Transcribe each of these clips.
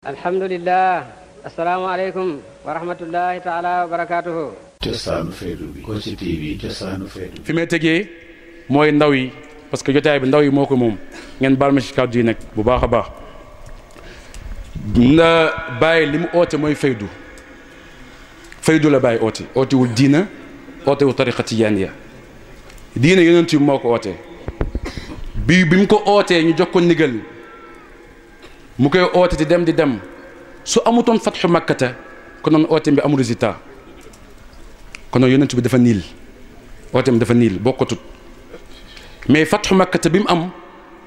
alhamdulilah asalaamaaleykum wa rahmatullahi taala wa fi may tegee mooy ndaw yi parce que jotaay bi ndaw yi moo ko moom ngeen baal ma ci kàddu yi nag bu baax a baax na bàyyi li mu oote mooy faydu faydu la bàyyi oote ootewul diina ootewul tariqa tijaaniya diina yonent yi moo ko oote bi bi mu ko ootee ñu jox ko ndigal mu koy oote di dem di dem su amutoon fatxu makkata konoon ooteem bi amul résultat konoon yonent bi dafa niil ooteem dafa niil bokkatut mais fatxu makkata bi mu am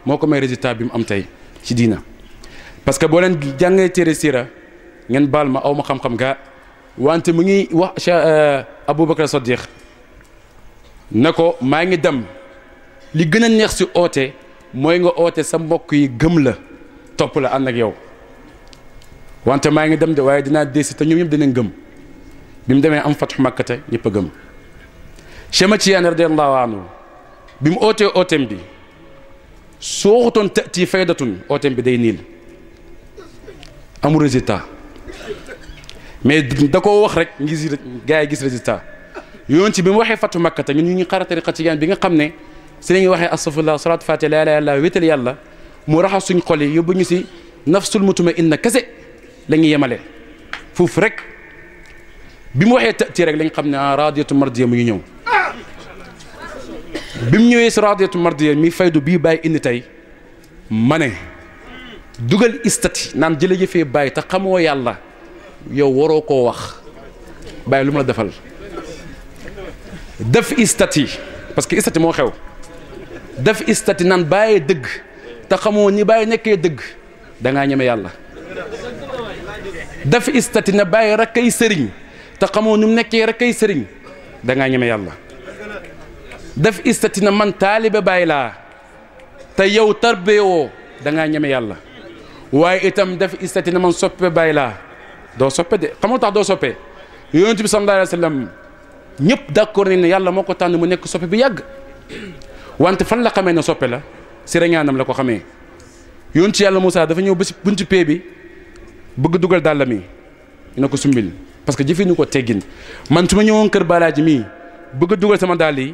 moo ko may résultat bi mu am tey ci diina parce que boo leen jàngee téere siira ngeen baal ma awma ma xam-xam gaa wante mu ngi wax Cheikh euh, Aboubacar Sadiq ne ko maa ngi dem li gën a neex si oote mooy nga oote sa mbokk yi gëm la topp la ànd ak yow wante maa ngi dem de waaye dinaa desi te ñoom ñëpp dinañ gëm bi mu demee am fatxu makkate ñëpp a gëm chema ci radiallahu anhu bi mu ootee ootem bi soo waxutoon tati faydatun ootem bi day niil amul résultat mais da koo wax rek ngis gars yi gis résultat yoon ci bi mu waxee fatxu makkate ñun ñu ngi xara tariqa ci bi nga xam ne si la waxee astafurlah salaatu fatiha la ilaha illallah wéetal mu raxas suñ xol yi yóbbu ñu si nafsul mutmainna kase kese la ñuy yemale fuf rek bi mu waxee tati rek lañ xamné ne ah radiyatu mardiya mu ñëw bi ñewé ci si radiyatu mardiya mi faydu bi bay indi tay mané ne dugal istati nan jël jefee bay ta xamoo yàlla yow waroo ko wax bay lu mu la defal def istati parce que istati mo xew def istati nan baye deug te xamoo ni bàyyi nekkee dëgg dangaa ñeme yàlla daf istati na bàyyi rek ay sëriñ te xamoo ni mu nekkee rek ay sëriñ dangaa ñeme yàlla daf istati na man taalibe bàyyi laa te yow tarbeewoo dangaa ñeme yàlla waaye itam daf istati na man soppe bàyyi laa doo soppe de xamoo tax doo soppe yonent bi sallallahu alayhi wa ñëpp d'accord nañ ne yàlla moo ko tànn mu nekk soppe bi yàgg wante fan la xamee na soppe la si rañaanam la ko xamee yoon ci yàlla Moussa dafa ñëw ba si buntu pee bi bëgg dugal dàllam yi ñu ko sumbil parce que jëfee ñu ko teggin man suma ma ñëwoon kër balaaji mii bëgg dugal sama dàll yi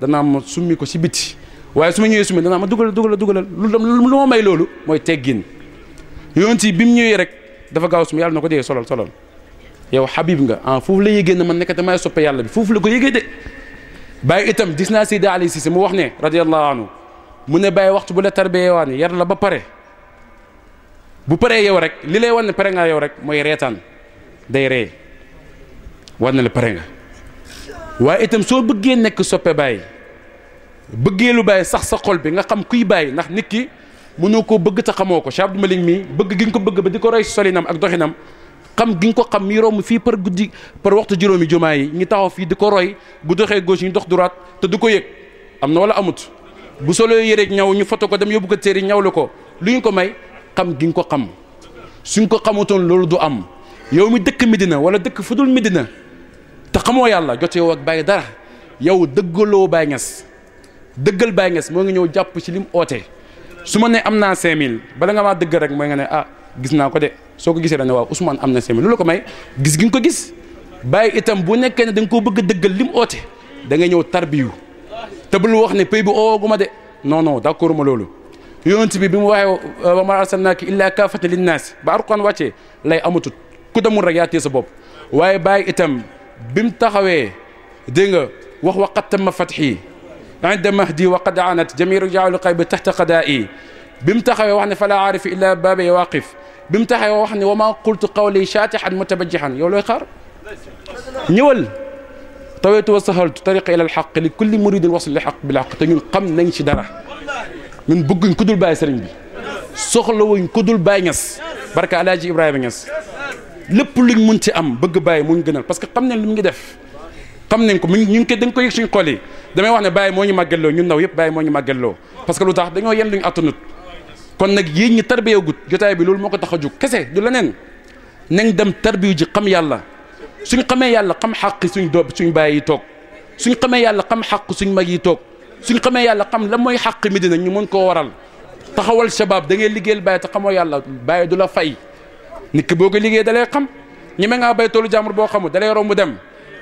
danaa ma summi ko si biti waaye su ma ñëwee summi danaa ma dugal dugal dugalal lu lu ma may loolu mooy teggin yoon ci bi mu ñëwee rek dafa gaaw summi yàlla na ko dee solal solal yow Habib nga ah foofu la yëgee ne man nekk damay soppe yàlla bi foofu la ko yëgee de bàyyi itam gis naa si Seydi Ali Cissé mu wax ne radiyallahu mu ne bàyyi waxtu bu la tarbiyewaan yar la ba pare bu paree yow rek li lay wan pare nga yow rek mooy reetaan day ree war na la pare nga waaye itam soo bëggee nekk soppe bàyyi bëggee lu bàyyi sax sax xol bi nga xam kuy bàyyi ndax nit ki mënoo koo bëgg te xamoo ko Cheikh Abdou Malick mii bëgg gi nga ko bëgg ba di ko roy solinam ak doxinam xam gi nga ko xam mi romb fii par guddi par waxtu juróomi jumaa yi ñu taxaw fii di ko roy bu doxee gauche ñu dox droite te du ko yëg am na wala amut bu solo yëreeg ñaw ñu foto ko dem yóbbu ko téeri ñaw la ko lu ñu ko may xam gi nga ko xam suñ ko xamutoon loolu du am yow mi dëkk Medina wala dëkk fudul Medina te xamoo yàlla jote yow ak dara yow dëggaloo Baye Niass dëggal Baye Niass moo ngi ñëw jàpp ci lim oote su ma ne am naa 5000 bala nga maa dëgg nga ne ah gis naa ko de soo ko gisee da nga ne waaw Ousmane am na 5000 la ko may gis gi nga ko gis Baye itam bu nekkee ne da nga koo bëgg a dëggal lim oote da ñëw tarbiyu تبل وخني بيبي او غوما دي نو نو داكور ما لولو يونت بي بيم واي وما ارسلناك الا كافه للناس باركون واتي لا اموت كودامون رك ياتي سا واي باي اتم بيم تخاوي وهو قد تم فتحي عند مهدي وقد عانت جميع رجال القيب تحت قدائي بيم تخاوي فلا عارف الا بابي واقف بيم تخاوي وما قلت قولي شاتحا متبجحا يولو خار نيول تويت وسهلت طريق الى الحق لكل مريد الوصل للحق بالحق تا نون خم نانشي دارا من بوك نكودول باي سيرن بي سوخلو وين كودول باي نياس بركة علاجي ابراهيم نياس لب لي مون ام بوك باي مون غنال باسكو خم نان لمغي ديف خم نان كو نين كي دنج ييك سون خولي دامي واخني باي موني ماغالو نون ناو ييب باي موني ماغالو باسكو لوتاخ دانيو يان لي اتونوت كون نك يي ني تربيو غوت جوتاي بي لول موكو تاخو جو كاسه دو لنن نين دم تربيو جي خم يالله suñ xamé yàlla xam xàq suñ doom suñ bayyi tok suñ xamé yàlla xam xàq suñ magi tok suñ xamé yàlla xam la moy xàq medina ñu mën ko waral taxawal shabab da ngay liggéel bàyyi ta xamoo yàlla bàyyi dula fay nit ki boko liggéey dalay xam ñi ma ngaa bay toolu jàmbur boo xamul da lay dem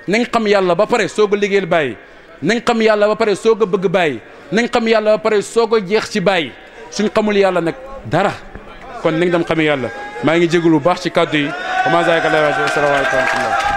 nañ xam yàlla ba pare sogo liggéel bàyyi nañ xam yàlla ba pare sogo bëgg bàyyi nañ xam yàlla ba pare sogo jeex ci bàyyi suñ xamul yàlla nak dara kon nañ dem xamee yàlla ma ngi jéglu bu baax ci kàddu yi. وما الله السلام عليكم